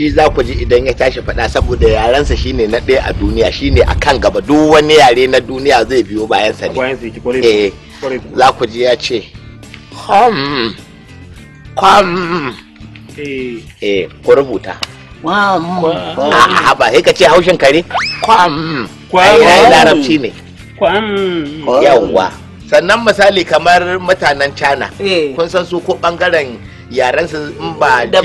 shi za ku ji idan ya tashi faɗa saboda yarensa shine na ɗaya a duniya shine a kan gaba duk wani yare na duniya zai biyo bayansa ne eh, za ku ji ya ce kwam kwam eh, eh ku rubuta kwam a ah, ah, ba sai ka ce haushin kare kwam kwam larabci ne kwam yawwa sannan misali kamar mutanen china eh. kun san su ko bangaren yaren su ba da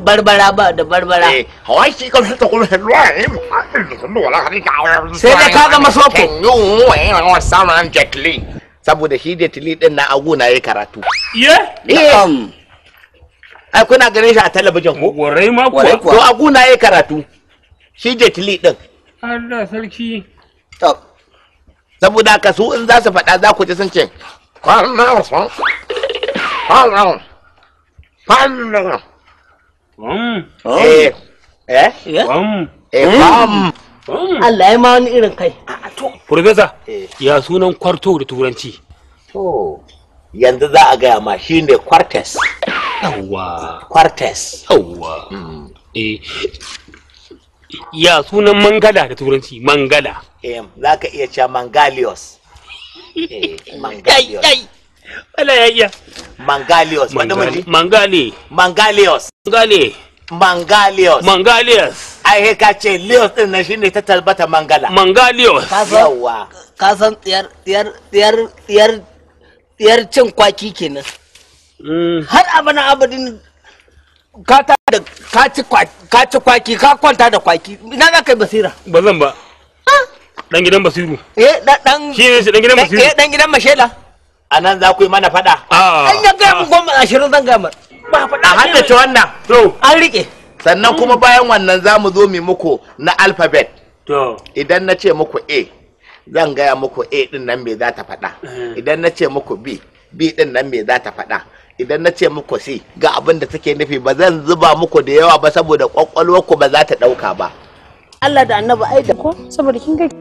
barbara ba da barbara hawai eh, shi kan ta kuma ruwa eh, sai da ka zama eh, jetli saboda shi da tili din na agu na yayi karatu ye ai kuna ganin shi a talabijin ko warai ma ko to na yayi karatu shi da tili din Allah sarki to saboda ka su in za su faɗa za ku ji sun ce kwanan kwanan Pam. Eh. Pam. Eh. Eh? eh pam. Eh, pam. Allah ya ma wani irin kai. Ah, Profesa, eh. ya sunan kwarto da turanci. To, yanzu za a gaya ma shi ne quartes. Yawwa. Quartes. Yawwa. Mm. Eh. Ya sunan mangala da turanci, mangala. Eh, za ka iya cewa mangalios. Eh, mangalios. Ai, ai. Wala ya iya. Mangalios. Mangali. Mangalios. Mangali. Mangalios. Mangalios. Ai he ka Leos din nan shine ta talbata Mangala. Mangalios. Yawa. Ka san tsiyar tsiyar tsiyar tsiyar cin kwaki kenan. Mm. Har abana abadin ka ta da ka ci kwaki ka kwanta da kwaki ina za ka yi basira. Ba zan ba. Ah! Dan gidan Basiru. Eh dan. Shi ne dan gidan Basiru. Eh dan gidan Mashela. a nan za ku yi mana faɗa. Ah. An ya gaya mu goma ashirin zan gaya Ba faɗa. A haddace wannan. To. An riƙe. Sannan kuma bayan wannan za mu zo mu muku na alphabet. To. Idan na ce muku A zan gaya muku A ɗin nan me za ta faɗa. Eh. Idan na ce muku B B ɗin nan me za ta faɗa. Idan na ce muku C ga abin da take nufi ba zan zuba muku da yawa ba saboda kwakwalwarku ba za ta ɗauka ba. Allah da annabi ai da ko saboda kin ga